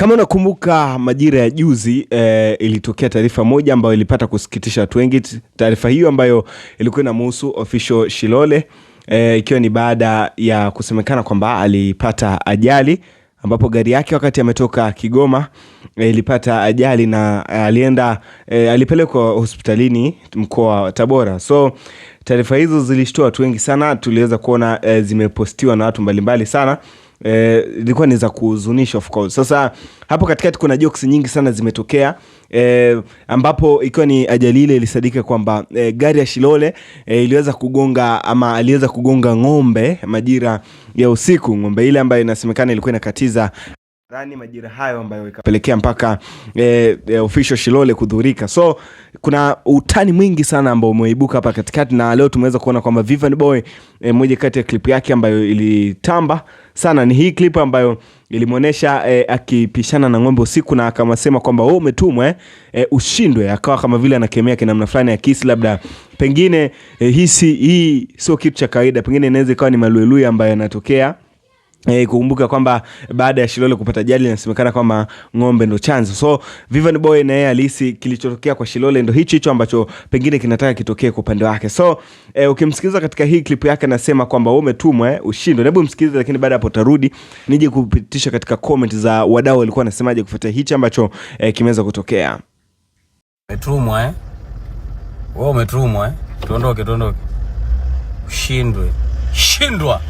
Kama unakumbuka majira ya juzi eh, ilitokea taarifa moja ambayo ilipata kusikitisha watu wengi. Taarifa hiyo ambayo ilikuwa inamhusu Official Shilole eh, ikiwa eh, ni baada ya kusemekana kwamba alipata ajali ambapo gari yake wakati ametoka ya Kigoma eh, ilipata ajali na alienda eh, alipelekwa hospitalini mkoa wa Tabora. So taarifa hizo zilishtua watu wengi sana, tuliweza kuona eh, zimepostiwa na watu mbalimbali sana eh, ilikuwa ni za kuhuzunisha of course. Sasa hapo katikati kuna jokes nyingi sana zimetokea eh, ambapo ikiwa ni ajali ile ilisadika kwamba eh, gari ya Shilole eh, iliweza kugonga ama aliweza kugonga ng'ombe majira ya usiku, ng'ombe ile ambayo inasemekana ilikuwa inakatiza Nadhani majira hayo ambayo ikapelekea mpaka e, e, official Shilole kudhurika. So kuna utani mwingi sana ambao umeibuka hapa katikati, na leo tumeweza kuona kwamba Vivian Boy e, moja kati ya klipu yake ambayo ilitamba sana ni hii klipu ambayo ilimwonyesha e, akipishana na ng'ombe usiku, na akamasema kwamba wewe oh, umetumwa e, ushindwe. Akawa kama vile anakemea kinamna fulani, ya akihisi labda pengine e, hii hii sio kitu cha kawaida, pengine inaweza ikawa ni maluelui ambayo yanatokea E, eh, kumbuka kwamba baada ya Shilole kupata ajali inasemekana kwamba ng'ombe ndo chanzo. So Vivian Boy na yeye alihisi kilichotokea kwa Shilole ndo hicho hicho ambacho pengine kinataka kitokee kwa upande wake. So e, ukimsikiliza katika hii clip yake anasema kwamba wewe umetumwa eh, ushindwe. Hebu msikilize, lakini baada hapo tarudi nije kupitisha katika comment za wadau walikuwa wanasemaje kufuatia hichi ambacho e, kimeweza kutokea. Umetumwa eh? Wewe umetumwa eh? Tuondoke, tuondoke. Ushindwe. Shindwa.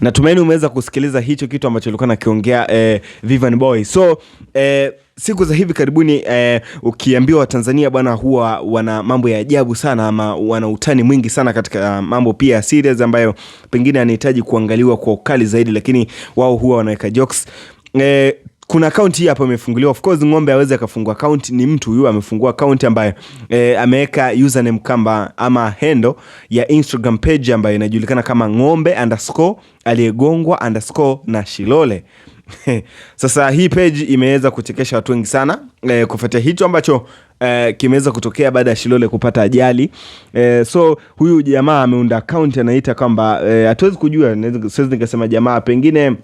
Natumaini umeweza kusikiliza hicho kitu ambacho alikuwa nakiongea eh, Vivian Boy. So eh, siku za hivi karibuni eh, ukiambiwa Watanzania bwana huwa wana mambo ya ajabu sana ama wana utani mwingi sana katika eh, mambo pia serious ambayo pengine anahitaji kuangaliwa kwa ukali zaidi, lakini wao huwa wanaweka jokes eh, kuna akaunti hii hapo imefunguliwa. Of course ng'ombe aweze akafungua akaunti, ni mtu huyu amefungua akaunti ambayo e, eh, ameweka username kamba ama hendo ya Instagram page ambayo inajulikana kama ng'ombe underscore aliyegongwa underscore na Shilole. Sasa hii page imeweza kuchekesha watu wengi sana e, kufuatia hicho ambacho e, kimeweza kutokea baada ya Shilole kupata ajali e, so huyu jamaa ameunda akaunti anaita kwamba e, hatuwezi kujua, siwezi nikasema jamaa pengine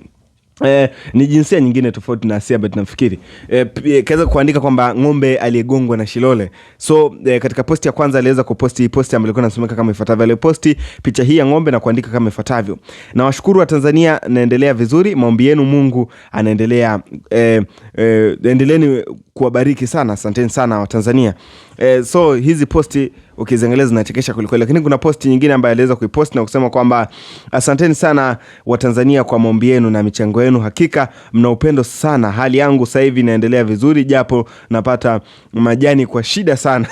Eh, ni jinsia nyingine tofauti na Asia but nafikiri eh, eh kaweza kuandika kwamba ng'ombe aliyegongwa na shilole. So eh, katika posti ya kwanza aliweza kuposti posti ambayo ilikuwa inasomeka kama ifuatavyo. Aliposti picha hii ya ng'ombe na kuandika kama ifuatavyo: nawashukuru wa Tanzania, naendelea vizuri, maombi yenu Mungu anaendelea eh, eh, endeleeni kuwabariki sana, asanteni sana Watanzania. E, eh, so hizi posti ukiziangalia zinachekesha kwelikweli, lakini kuna posti nyingine ambayo aliweza kuiposti na kusema kwamba asanteni sana Watanzania kwa maombi yenu na michango yenu, hakika mna upendo sana. Hali yangu sasa hivi inaendelea vizuri, japo napata majani kwa shida sana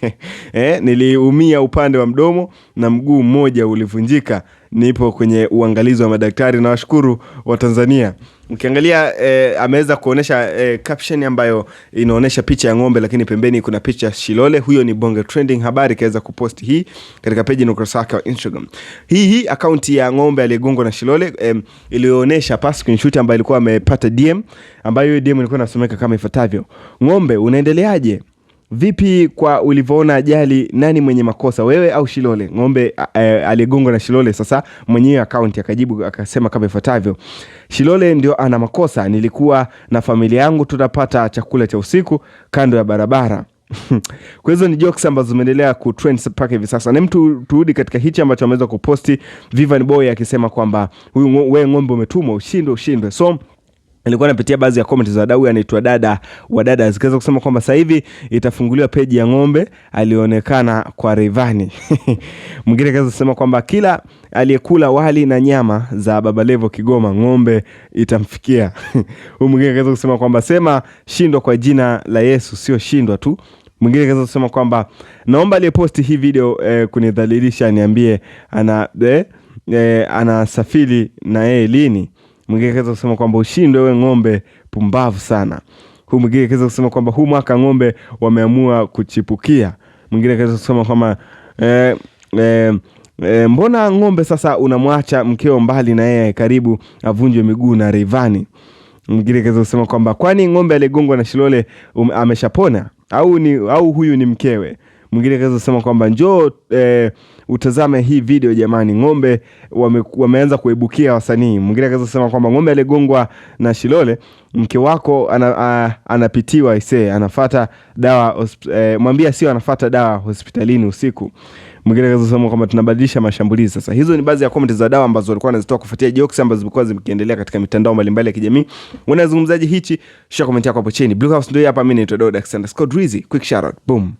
eh, niliumia upande wa mdomo na mguu mmoja ulivunjika nipo kwenye uangalizi wa madaktari. Nawashukuru Watanzania. Ukiangalia eh, ameweza kuonyesha eh, caption ambayo inaonyesha picha ya ng'ombe, lakini pembeni kuna picha Shilole. Huyo ni Bonge Trending Habari, kaweza kupost hii katika peji na ukurasa wake wa Instagram. Hii hii akaunti ya ng'ombe aliyegongwa na Shilole eh, iliyoonyesha pa screenshot ambayo ilikuwa amepata DM, ambayo hiyo DM ilikuwa inasomeka kama ifuatavyo: ng'ombe, unaendeleaje? Vipi kwa ulivyoona ajali, nani mwenye makosa, wewe au Shilole? Ng'ombe aliyegongwa na Shilole sasa mwenyewe akaunti akajibu akasema kama ifuatavyo: Shilole ndio ana makosa, nilikuwa na familia yangu tunapata chakula cha usiku kando ya barabara. Kwa hizo ni jokes ambazo zimeendelea kutrend mpaka hivi sasa. Na mtu turudi katika hichi ambacho ameweza kuposti Vivian Boy akisema kwamba huyu wewe ng'ombe umetumwa ushindwe ushindwe. So nilikuwa napitia baadhi ya comment za wadau, anaitwa dada wa dada, zikaweza kusema kwamba sasa hivi itafunguliwa peji ya ng'ombe alionekana kwa Rayvanny. Mwingine kaweza kusema kwamba kila aliyekula wali na nyama za Baba Levo Kigoma, ng'ombe itamfikia huyu. Mwingine kaweza kusema kwamba sema shindwa kwa jina la Yesu, sio shindwa tu mwingine kaweza kusema kwamba naomba aliyeposti hii video eh, kunidhalilisha niambie ana, eh, eh, anasafiri na yeye eh, lini. Mwingine akaweza kusema kwamba ushindwe wewe ng'ombe pumbavu sana. Huyu mwingine akaweza kusema kwamba huu mwaka ng'ombe wameamua kuchipukia. Mwingine akaweza kusema kwamba eh, eh, E, mbona ng'ombe sasa unamwacha mkeo mbali na yeye karibu avunjwe miguu na rivani? Mwingine kaweza kusema kwamba kwani ng'ombe aliyegongwa na Shilole um, ameshapona au, ni, au huyu ni mkewe? Mwingine kaweza kusema kwamba njoo e, utazame hii video jamani, ng'ombe wame, wameanza kuibukia wasanii. Mwingine kaweza kusema kwamba ng'ombe aliyegongwa na Shilole mke wako ana, a, anapitiwa ise anafata dawa e, eh, mwambia sio anafata dawa hospitalini usiku. Mwingine kaweza kusema kwamba tunabadilisha mashambulizi sasa. Hizo ni baadhi ya comment za dawa ambazo walikuwa wanazitoa kufuatia jokes ambazo zilikuwa zikiendelea katika mitandao mbalimbali ya kijamii. Unazungumzaje hichi? Shia comment yako hapo chini. Blue House ndio hapa, mimi naitwa Dodax_Drizzy. Quick shout out. Boom.